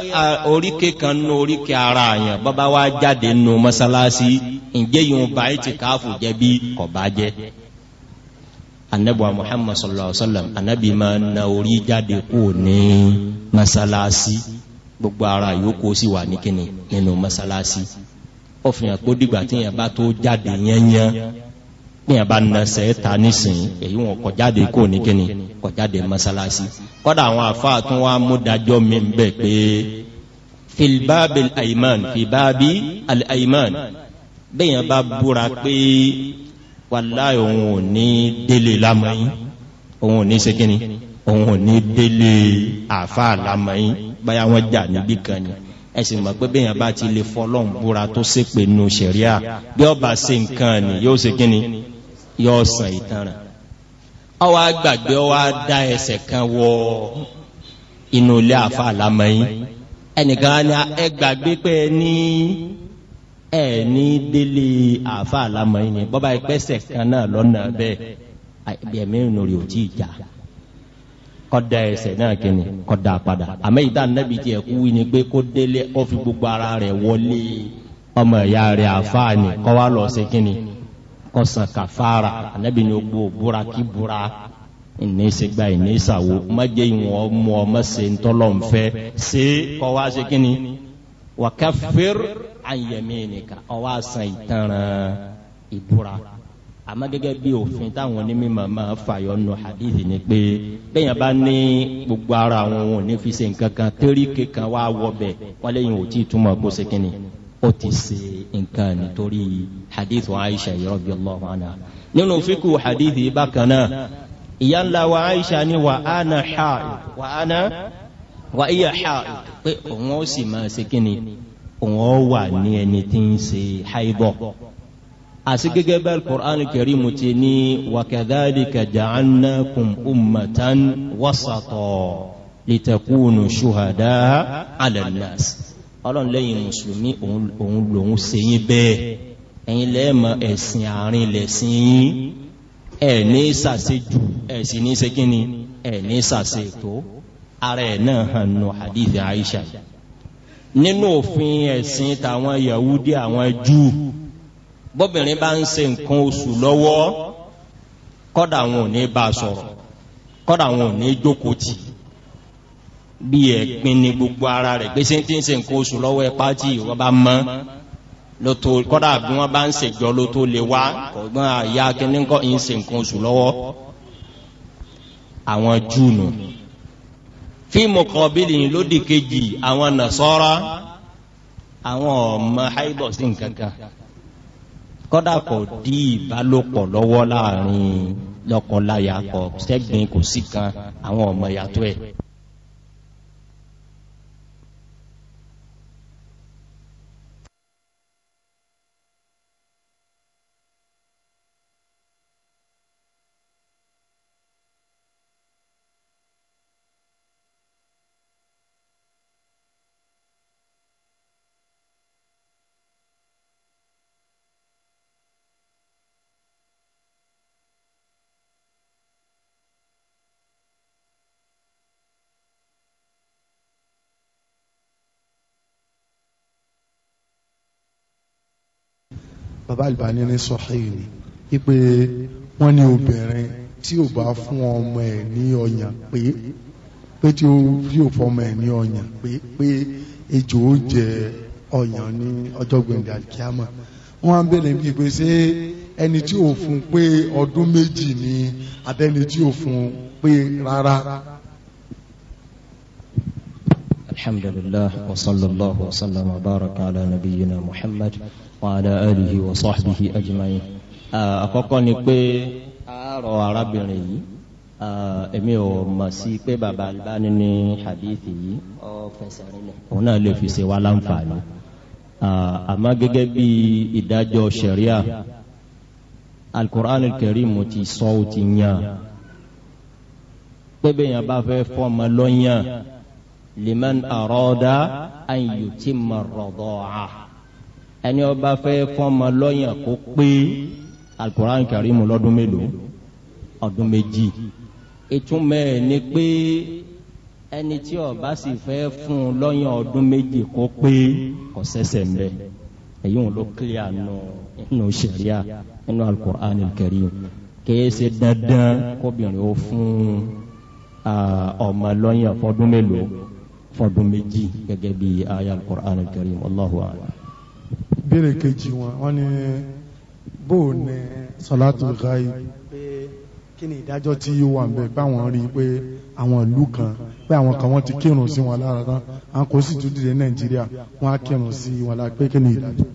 oríkè kan nú oríkè ara àyàn bọ́bá wá jáde nú mọ́sálásí ǹjẹ́ yóò bá ẹ̀ ti káfù jẹ́ bí bá jẹ́ anabuwa muhammad sallallahu alaihi wa sallam anabi ma na ori jáde kú ní mọ́sálásí gbogbo ara yòókù sì wà ní kíni nínú mọ́sálásí ọ̀fìn àpò dìgbà tíyàn bá tó jáde yẹnyẹn bí yẹn bá nẹsẹ̀ ta nísìn èyí wọn kọ jáde kó ní kíni kọ jáde mọ́sálásí kọ́dà àwọn àfáà tún wá mú dájọ́ mi bẹ́ẹ̀ pé filibabi aiman filibabi aiman bí yẹn bá búra pé wàláyé òun ò ní délé lamẹ́yìn òun ò ní sekini òun ò ní délé àfáà lamẹ́yìn báyà wọn jà níbí kan ni ẹsìn mọ̀ pé bẹ́yàn bá ti lè fọlọ́n búra tó ṣépè nù sẹ̀ríà bí ọba ṣe nǹkan ni yóò ṣe yọ sàn ìtanràn ọwọ́ agbàgbé ọwọ́ adá ẹsẹ̀ kan wọ inú ilé àfa àlámẹ́yìn ẹnìkan ni ẹ gbàgbé pé ní ẹ ní délé àfa àlámẹ́yìn ni bọ́bá ìpẹ́sẹ̀ kan náà lọ́nà bẹ́ẹ̀ ẹ̀mí ìnùrì ò tí ì jà kọ́dà ẹsẹ̀ náà kìíní kọ́dà padà àmọ́ ìdá nẹ́bi tiẹ̀ kú wí ni pé kó délé ó gbogbo ara rẹ̀ wọlé ọmọ ìyá rẹ̀ àfa ni kọ́ lọ sí kìíní. kọsàn kàfàrà anabi ní gbó búra kí búra ìní sẹgbà ìní sàwó mọjẹ ìwọn mú ọ mọsẹ ntọlọmfẹ ṣé kọ wá ṣe kínni wà kafir an yaminika ọwọ àṣàn ìtanràn ìbúra àmọ́ gẹ́gẹ́ bí òfin táwọn onímọ̀ máa fàyọ nù hadith ni pé bẹ́yàn bá ní gbogbo ara àwọn ò ní fi ṣe nǹkan torí kankan wá wọ bẹ̀ wọ́n ò tí ì kó ṣe ó ti ṣe nǹkan nítorí hadith wa aisha radiyallahu anha nínú fíkù hadith yìí bákan náà ìyá ńlá wa aisha ni wa ana haid wa ana wa iya haid pé òun ó sì máa ṣe kíni òun ó wà ní ẹni tí ń ṣe haibọ̀ àti gẹ́gẹ́ bẹ́ẹ̀ Qur'an kẹrìmù ti ní wakadhalika ja'annakum ummatan wasata litakunu shuhada ala ọlọ́run lẹ́yìn mùsùlùmí òun lòun ṣe yín bẹ́ẹ̀ ẹ̀yin lẹ́ẹ̀mọ ẹ̀sìn àárín lẹ̀sìn yín ẹ̀ ní sàṣe jù ẹ̀sìn ní ṣe kí ni ẹ̀ ní sàṣe ètò ara ẹ̀ náà hàn nù hadith Aisha nínú òfin ẹ̀sìn tàwọn Yahudi àwọn Júù bọ́bìnrin bá ń ṣe nǹkan oṣù lọ́wọ́ kọ́dà wọn ò ní bá a sọ̀rọ̀ kọ́dà wọn ò ní jókòó tì í bí ẹ̀gbin ni gbogbo ara rẹ̀ gbèsè tí ń ṣe nǹkan oṣù lọ́wọ́ ẹ pátì wọ́n bá mọ́ lótó kọ́dà bí wọ́n bá ń ṣèjọ́ lótó lè wá kọ̀gbọ́n àyà kínní kọ́ ń ṣe nǹkan oṣù lọ́wọ́ àwọn júùnù fíìmù kọ̀ọ̀bìlì lódì kejì àwọn nàṣọ́ra àwọn ọmọ haibọ̀ sí nǹkan kan kọ́dà kò dí ìbálòpọ̀ lọ́wọ́ láàrin lọ́kọ̀ọ́láyà kò sẹ́gbìn kò sí kan àwọn ọmọ yàtọ̀ ẹ̀. bàbá Albani ní sọ̀hìn ni wípé wọ́n ní obìnrin tí ò bá fún ọmọ ẹ̀ ní ọyàn pé pé tí ó yóò fọmọ ẹ̀ ní ọyàn pé pé ejò ó jẹ ọyàn ní ọjọ́ gbẹ̀ngàn kíámà wọ́n á bèrè bí pé ṣé ẹni tí ò fún pé ọdún méjì ni àtẹni tí ò fún pé rárá. alhamdulillah wa sallallahu wa sallam wa baraka ala nabiyyina وعلى آله وصحبه أجمعين àkọ́kọ́ ni pé àárọ̀ arábìnrin yìí èmi ò mọ̀ sí pé bàbá Albani ní hadith yìí ó fẹsẹ̀ rinlẹ̀ òun náà lè fi ṣe wá láǹfààní àmọ́ gẹ́gẹ́ bí ìdájọ́ ṣẹ̀ríà alukur'an kẹrìm ti sọ ọ́ ti yàn pé bẹ́ẹ̀ yẹn bá fẹ́ fọ́ọ̀mù lọ́yàn liman arada an yutimma ar ẹni ọba fẹ́ fọ́mọ lọ́yàn kó pé alukoran karimu lọ́dún mélòó ọdún méjì ìtumọ̀ ẹ̀ ni pé ẹni tí ọba sì fẹ́ fún un lọ́yàn ọdún méjì kó pé kò sẹ́sẹ̀ mbẹ́ èyí wọn ló kílíà nù nù sẹ̀ríà nínú alukoran karimu kìí dandan kóbìnrin ó fún ọmọ lọ́yàn fọdún mélòó fọdún méjì gẹ́gẹ́ bí aya alukoran karimu Allahu a'lam béèrè kejì wọn wọ́n ní bóò ní salatu ghai kí ni ìdájọ́ tí yóò wà nbẹ báwọn rí i pé àwọn ìlú kan pé àwọn kan wọ́n ti kírun sí wọn lára tán àwọn kò sì tún dìde nàìjíríà wọ́n á kírun sí wọn lára pé kí ni ìdájọ́.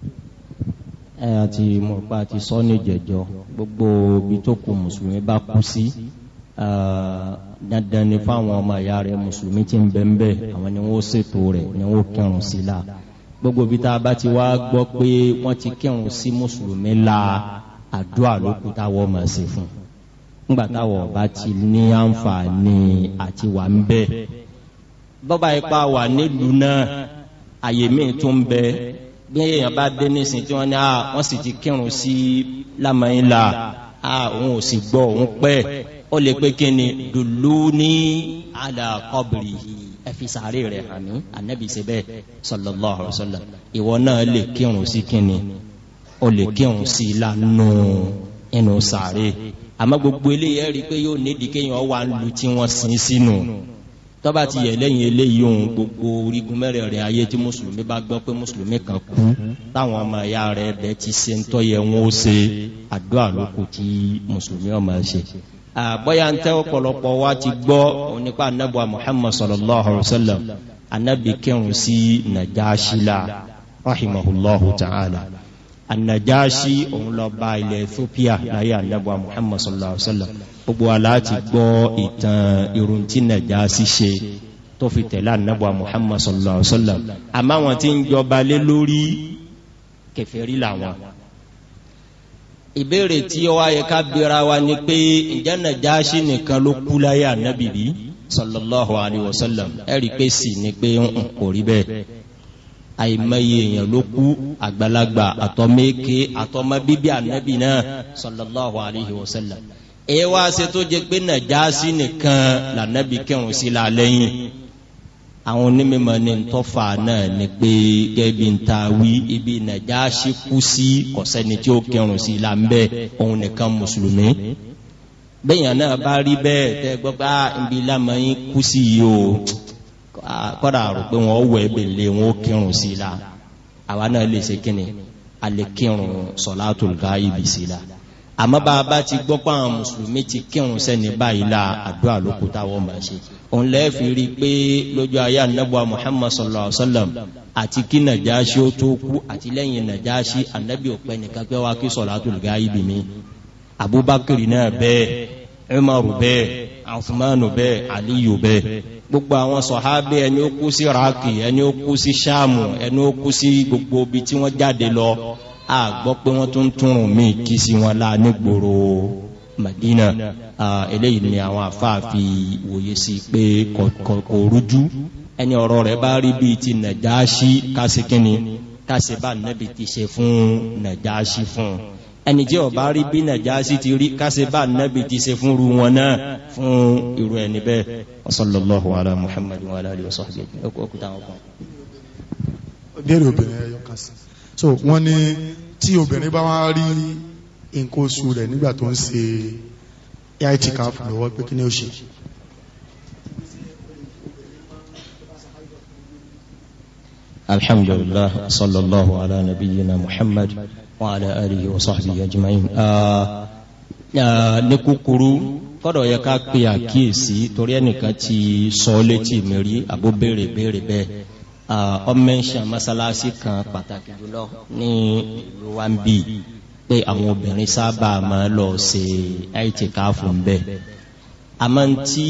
ẹ àti mọ̀pá àti sọ́ni jẹ̀jọ́ gbogbo ibi tó kù mùsùlùmí bá kú sí dandan ni fáwọn ọmọ ìyá rẹ̀ mùsùlùmí ti ń bẹ́ńbẹ́ àwọn ni wọ́n ṣètò rẹ̀ ni wọ́n kírun sí lára gbogbo bí tá a bá ti wá gbọ́ pé wọ́n ti kírun sí mùsùlùmí la àdúrà ló kú táwọ̀ mọ̀ sí fún nígbà táwọ̀ bá ti ní àǹfààní àti wà ń bẹ́ bọ́bá ipa wà nílùú náà àyè míì tún ń bẹ bí èèyàn bá dé nísìnyí tí wọ́n ní à ah, wọ́n sì ti kírun sí lámàyín la à ah, òun ò sì gbọ́ òun pẹ́ ó lè pé kí ni dùlú ní àdàkọ́bìrì yìí ẹ fi sàárè rẹ̀ hàn mí anabi ṣe bẹ́ẹ̀ sallallahu alaihi wasallam ìwọ náà lè kírun sí kínni o lè kírun sí lánà inú sàárè àmọ́ gbogbo eléyìí ẹ rí i pé yóò nídìí kéèyàn wà lu tí wọ́n sin sínú tọ́ba ti yẹ lẹ́yìn eléyìí ohun gbogbo orígun mẹ́rẹ̀ẹ̀rin ayé tí mùsùlùmí bá gbọ́ pé mùsùlùmí kan kú táwọn ọmọ ẹ̀yà rẹ̀ bẹ́ẹ̀ ti ṣe ń tọ́ yẹ wọn ó ṣe àdúrà lóko tí mùsùlùmí ọmọ ẹ̀ ṣe àbọ̀yà ń tẹ́ ọ̀pọ̀lọpọ̀ wa ti gbọ́ òun nípa muhammad sallallahu alayhi wa sallam anabi kírun sí najashila rahimahullahu ta'ala anajashi òun lọ bá ilẹ̀ ethiopia láyé anabuwa muhammad sallallahu alayhi wa sallam gbogbo wa láti gbọ́ ìtàn irun tí najashi ṣe tó fi tẹ̀lé anabuwa muhammad sallallahu alayhi wa sallam àmọ́ àwọn tí ń jọba lé lórí kẹfẹ́rí làwọn ìbéèrè tí ó wáyé ká bira wa ni pé ǹjẹ́ Najashi nìkan ló kú láyé ànábì sallallahu alayhi wa sallam ẹ rí i pé sì ni pé ń kò rí bẹ́ẹ̀ àìmọye èèyàn ló kú àgbàlagbà àtọmẹ́kẹ àtọmọbíbí ànábì náà sallallahu alayhi wa sallam ẹ wá ṣe tó jẹ pé Najashi nìkan lànábì kẹrùn sí la lẹ́yìn àwọn onímọ̀ ní tọ́fà náà ni pé gẹ́bí ń ta wí ibi Nàjáṣì kú sí kọ̀sẹ́ni tí ó kẹrùn sí láńbẹ́ òun nìkan mùsùlùmí bẹ́yàn náà bá rí bẹ́ẹ̀ tẹ́ gbọ́gbá ah, ibi lámọ́ yín kú sí yìí o ah, kọ́dà rò pé wọ́n wọ ẹ̀bẹ̀ lé wọn ó sí la àwa náà lè ṣe kíni a lè kírun sọ̀látùl gáíbì sí la àmọ́ bá a bá ti gbọ́ pé àwọn mùsùlùmí ti kírun sẹ́ni báyìí la àdúrà ló táwọn máa ṣe òun lẹ́ẹ̀fì rí i pé lójú ayé anábọ́à muhammad sallallahu alayhi wa sallam àti kí nàjáṣí ó tó kú àti lẹ́yìn nàjáṣí anábì òpẹ́ nìkan pé wá kí sọ̀látù lùgá ibi mi abubakar náà bẹ́ẹ̀ umaru bẹ́ẹ̀ afumanu bẹ́ẹ̀ aliyu bẹ́ẹ̀ gbogbo àwọn sọ̀hábé ẹni ó kú sí iraki ẹni ó kú sí sàmù ẹni ó kú sí gbogbo ibi tí wọ́n jáde lọ a gbọ́ pé wọ́n tún túnrùn míì kí sí wọn lá nígboro Madina eléyìí ni àwọn afáàfi wòye sí pé kò rújú ẹni ọ̀rọ̀ rẹ̀ bá rí bíi ti Najashi kásìkínni kásìbá nẹ́bi ti ṣe fún Najashi fún un ẹni jẹ́ ọba rí bí Nàjàsí ti rí kásẹ̀ bá ti ṣe fún wọn náà fún irú ẹni bẹ́ẹ̀ sallallahu ala muhammadu wa ala alihi wa sahbihi ọkùnrin àwọn kan so wọ́n ní tí obìnrin bá wá rí nǹkan oṣù rẹ̀ nígbà tó ń ṣe itikaf lọ́wọ́ pé kí ni ó ṣe. alhamdulillah sallallahu ala nabiyyina muhammad wa ala alihi wa sahbihi ajma'in. Ah, ah, ní kúkúrú kọ́dọ̀ yẹ ká pe àkíyèsí torí ẹnìkan ti sọ létí mi rí àbó béèrè béèrè ọmọọṣàn masalasi kan pàtàkì jùlọ ní ìlú wa ń bì pé àwọn obìnrin sábà máa lọ ṣe àìtìkáfù ń bẹ àmọ́ tí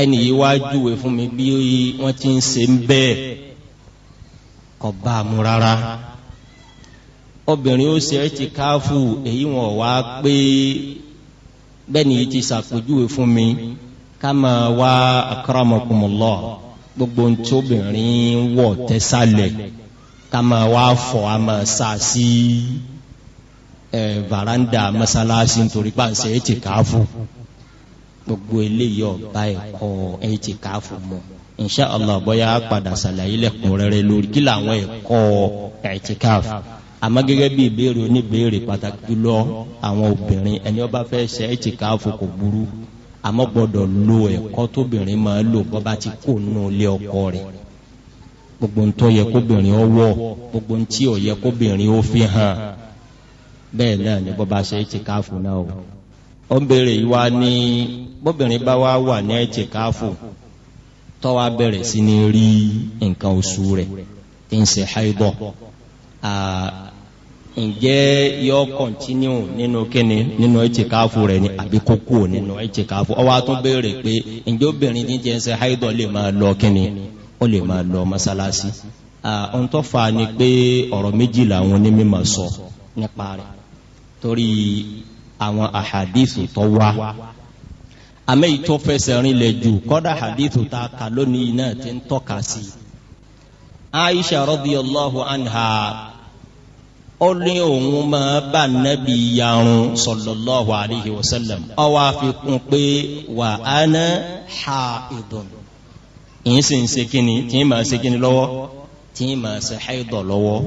ẹnì yìí wá júwe fún mi bí wọ́n ti ń ṣe ń bẹ́ẹ̀ bá a mú rárá obìnrin ó ṣe àìtìkáfù èyí wọn wá pé bẹ́ẹ̀ yìí ti ṣàpèjúwe fún mi ká máa wá akramakumullah gbogbo ń tí obìnrin wọ̀ tẹ́sàlẹ̀ ká máa wá fọ̀ a máa varanda masalasi nítorí pàṣẹ ẹ̀ ti káfù gbogbo eléyìí ọba ẹ̀kọ́ ẹ̀ ti káfù mọ́ insha allah bóyá padà ṣàlàyé lẹ́kùnrẹ́rẹ́ lórí kí làwọn ẹ̀kọ́ ẹ̀ ti káfù àmọ́ gẹ́gẹ́ bí ìbéèrè oníbéèrè pàtàkì jùlọ àwọn obìnrin ẹni ọba fẹ́ ṣe ẹ̀ ti káfù kò burú. àmọ́ gbọ́dọ̀ lo ẹ̀kọ́ tóbìnrin máa lò bọ́ ti kó nù ọkọ rẹ̀ gbogbo ń tó yẹ kóbìnrin ọwọ́ gbogbo ń tí ò yẹ kóbìnrin ó fi hàn bẹ́ẹ̀ náà ni bọ́bá bá ṣe náà o ó ń yìí wá ní bóbìnrin bá wá wà ní tó wá bẹ̀rẹ̀ sí ní rí ǹjẹ́ yọ kọ̀ntínú nínú kíni nínú ẹ̀tìkáfù rẹ̀ ni àbí kókó nínú ẹ̀tìkáfù ọwọ́ a tún béèrè pé ǹjẹ́ obìnrin tí ń jẹ́ le haidọ̀ lè máa lọ kíni ó lè máa lọ masalasi ohun tó fà á ni pé ọ̀rọ̀ méjì làwọn onímọ̀ sọ nípa rẹ̀ torí àwọn àhàdìsù tó wá àmẹ́ ìtò fẹsẹ̀ rinlẹ̀ jù kọ́dà àhàdìsù ta kà lónìí náà ti ń tọ́ka sí anha ó ní òun máa bá nẹ́bí yarun sallallahu alayhi wa sallam ó wá fi kún pé wa ana haidun ìyìn sì ń ṣe kíni tí ń máa ṣe kíni lọ́wọ́ tí ń máa ṣe haidọ̀ lọ́wọ́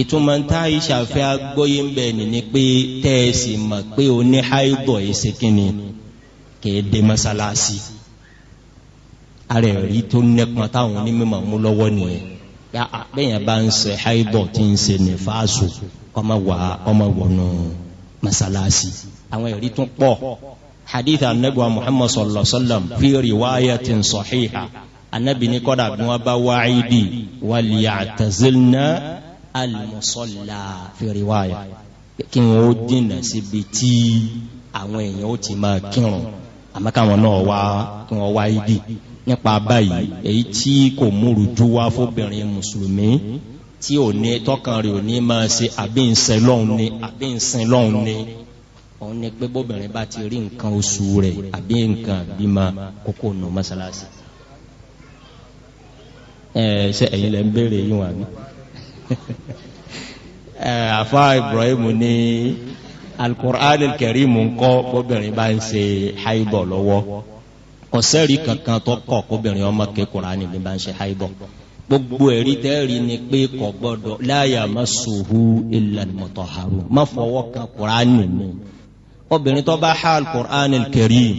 ìtumọ̀ tá a agbóyè ń bẹ̀ ni pé tẹ́ ẹ sì mọ̀ pé o ní haidọ̀ yìí ṣe kíni kìí dé mọ́sálásí ara ẹ̀rí tó nẹ́pọn táwọn onímọ̀ mú lọ́wọ́ nìyẹn bẹ́yàn bá ń ṣe haibọ̀ tí ń ṣe nífàásù kọ́mọ wà ọmọ wọnú masalasi àwọn ẹ̀rí tún pọ̀ hadith anabi wa muhammad sallallahu alaihi wa sallam fi riwayatin sahiha anabi ní kọ́dà bí wọ́n bá wá ìdí wàlíyàtàzílnà almusalla fi riwaya kí wọ́n ó dínà síbi tí àwọn èèyàn ó ti máa kírun àmọ́ káwọn náà wá kí wọ́n wá nípa báyìí èyí tí kò múru ju wá fóbìnrin mùsùlùmí tí ò ní tọkàn rẹ̀ ò ní máa ṣe àbí ńsẹ ni àbí ńsẹ lọ́hùn ni òun ni pé bóbìnrin bá ti rí nǹkan oṣù rẹ̀ àbí nǹkan bímọ kókó nù mọ́sálásí. ẹ ṣe ẹ̀yin lẹ ń béèrè yín wà mí. àfa Ibrahim ní alukur'an kẹrìmù ńkọ́ bóbìnrin bá ń ṣe haibọ̀ lọ́wọ́ kọ̀sẹ́rì kankan tó kọ̀ kóbìnrin ọmọ ké Kùránì bí bá ń ṣe háìbọ̀ gbogbo ẹ̀rí tẹ́rì ni pé kò gbọ́dọ̀ la yamassuhu illa al-mutahharun má fọwọ́ kan Kùránì mi obìnrin tó bá há Al-Qur'an al-Karim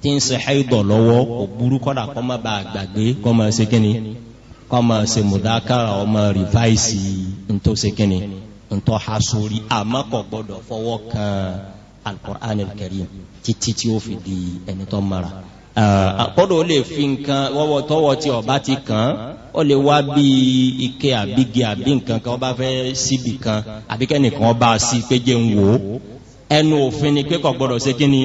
tí ń ṣe háìbọ̀ lọ́wọ́ kò burú kọ́dà kọ́ má bàa gbàgbé kọ́ má ṣe kíni kọ́ má ṣe mùdákàrà ọmọ rìfáìsì ntọ́ ṣe kíni ntọ́ ha sórí àmọ́ kò gbọ́dọ̀ fọwọ́ kan Al-Qur'an al-Karim títí fi di ẹni tó mara. Ah, àkọ́dọ̀ ó lè fi nǹkan wọ́wọ́ tọ́wọ́ tí ọba ti kàn án ó lè wá bí ike àbígi àbí nǹkan kan ọba fẹ́ síbì kan àbíkẹ́nìkan ọba sí pé jẹ́ ń wò ó ẹnu òfin ni pé kò gbọ́dọ̀ ṣe kí ni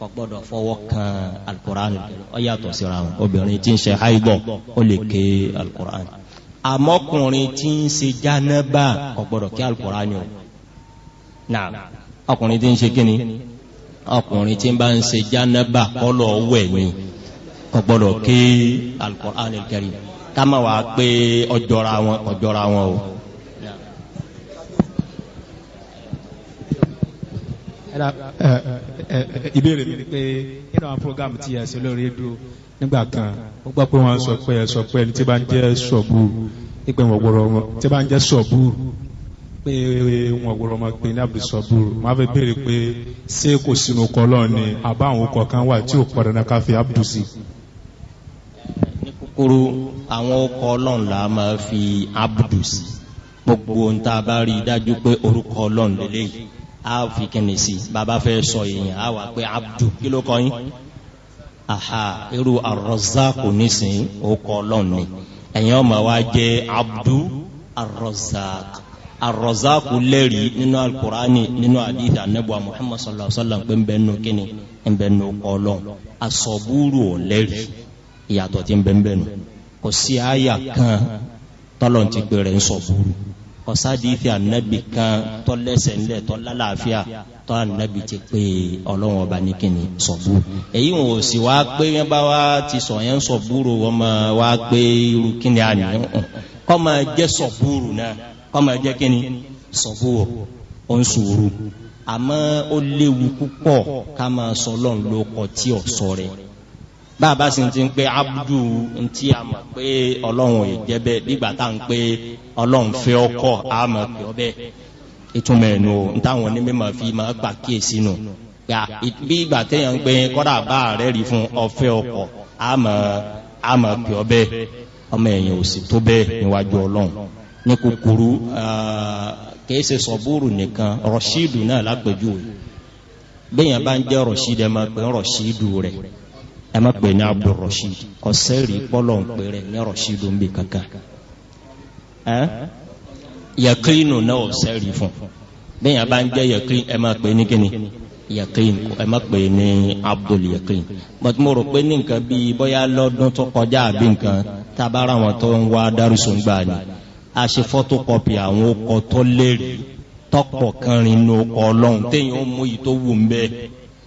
kò gbọ́dọ̀ fọwọ́ kan alukur'an ó síra wọn obìnrin tí ń ṣe haibọ̀ ó lè ké alukur'an àmọ́kùnrin tí ń ṣe jánábà kò gbọ́dọ̀ ké alukur'an o náà ọkùnrin tí ń ṣe kí ni ọkùnrin tí ń bá ń ṣe jánaba kọlọ wẹ̀ ni kò gbọdọ̀ ké Al-Qur'an al-Karim ká má wàá pé ọjọra wọn ọjọra wọn o. ìbéèrè mi ni pé nínú àwọn programu tí ẹ ṣe lórí rédíò nígbà kan ó gbọ́ pé wọ́n sọ pé ẹ sọ pé ẹni tí bá ń jẹ́ sọ̀bù ìpè wọ̀gbọ̀rọ̀ wọn tí bá ń jẹ́ sọ̀bù pé wọn gbọ́dọ̀ máa pè ní abdulsabur máa fẹ́ béèrè pé ṣé kò sínú kọlọ́ ni àbá àwọn ọkọ̀ kan wà tí ò pọ̀ dandan ká fi abdulsi. ní kúkúrú àwọn ọkọ̀ ọlọ́run là á máa fi abdulsi gbogbo ohun tá a bá rí i dájú pé orúkọ ọlọ́run lélẹ́yìí a fi kìnnì sí bàbá fẹ́ sọ èèyàn a wà pé abdu kí ló kọ́ yín aha irú arọ́zákò nísìnyí orúkọ ọlọ́run ni ẹ̀yin ọmọ wa jẹ́ abdu arọ́zákò arọ́záàkù lẹ́rí nínú alukur'ani nínú àdìsí anábùwà muhammad sallallahu alaihi wa sallam pé nbẹ nù kíni nbẹ nù kọlọ́n asọ̀búrú ò lẹ́rí ìyàtọ̀ tí nbẹ nbẹ nù kò sí àyà kan tọ́lọ̀ ti pèrè nsọ̀búrú kò sádìsí anábì kan tọ́lẹ́sẹ̀ ńlẹ̀ tọ́lálàáfíà tọ́ anábì ti pé ọlọ́wọ́n ọba ní kíni sọ̀búrú èyí wọn ò sì pé yẹn bá wá ti sọ̀ yẹn sọ̀búrú wọn máa wá pé irú kíni àná kọ́ máa jẹ́ sọ̀búrú náà kọ́mọ jẹ́ kí ni sọ̀bùwọ̀ ó ń sùúrù àmọ́ ó léwu púpọ̀ ká máa sọ lọ́n ló kọ tí ò sọ rẹ̀ bàbá sì ti ń pe abudu ntí a mọ̀ pé ọlọ́run ò jẹ́ bẹ́ẹ̀ nígbà tá à ń pe ọlọ́run fẹ́ ọkọ̀ a mọ̀ pé ọ bẹ́ẹ̀ ìtumọ̀ ẹ̀ nù o ntáwọn onímọ̀ fi máa gbà kíyèsí nù gbà bí ìgbà téèyàn ń pe kọ́dà bá rẹ̀ rí fún ọfẹ́ ọkọ̀ a mọ̀ pé ọ bẹ́ẹ̀ ọmọ ẹ̀yìn ò sì tó bẹ́ẹ̀ níwájú ọlọ́run ní kúkúrú eh, kìí ṣe sọ̀búrù nìkan rọ̀ṣídù náà lápẹ̀jù rẹ̀ bẹ́yàn bá ń jẹ́ rọ̀ṣídù ẹ máa pè ń rọ̀ṣídù rẹ̀ ẹ máa pè ní abdul rọ̀ṣíd ọ̀sẹ́ rí pọ́lọ̀ ń pè rẹ̀ ní rọ̀ṣídù ń bì kankan yẹkínu náà ọ̀sẹ́ rí fún bẹ́yàn bá ń jẹ́ yẹkínu ẹ máa pè ní kíni yẹkínu ẹ máa pè ní abdul yẹkínu bọ́tí mo rò pé ní nǹkan bíi bóyá lọ́dún tó kọjá àbí nǹkan tábára wọn tó ń wá dárúsùn gbà ni a ṣe photocopy àwọn ọkọ̀ tó lérí tọ́pọ̀ kan rìn ní ọkọ̀ ọlọ́run téèyàn ó mú yìí tó wù ń bẹ́ẹ̀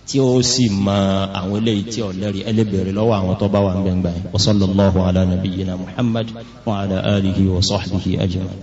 tí ó sì mọ àwọn eléyìí tí ọ̀lẹ́rìí ẹlẹ́bẹ̀rẹ̀ lọ́wọ́ àwọn tó bá wà ń bẹ̀ ń gbà yẹn wa sallallahu ala nabiyyina Muhammad wa ala alihi wa sahbihi ajma'in.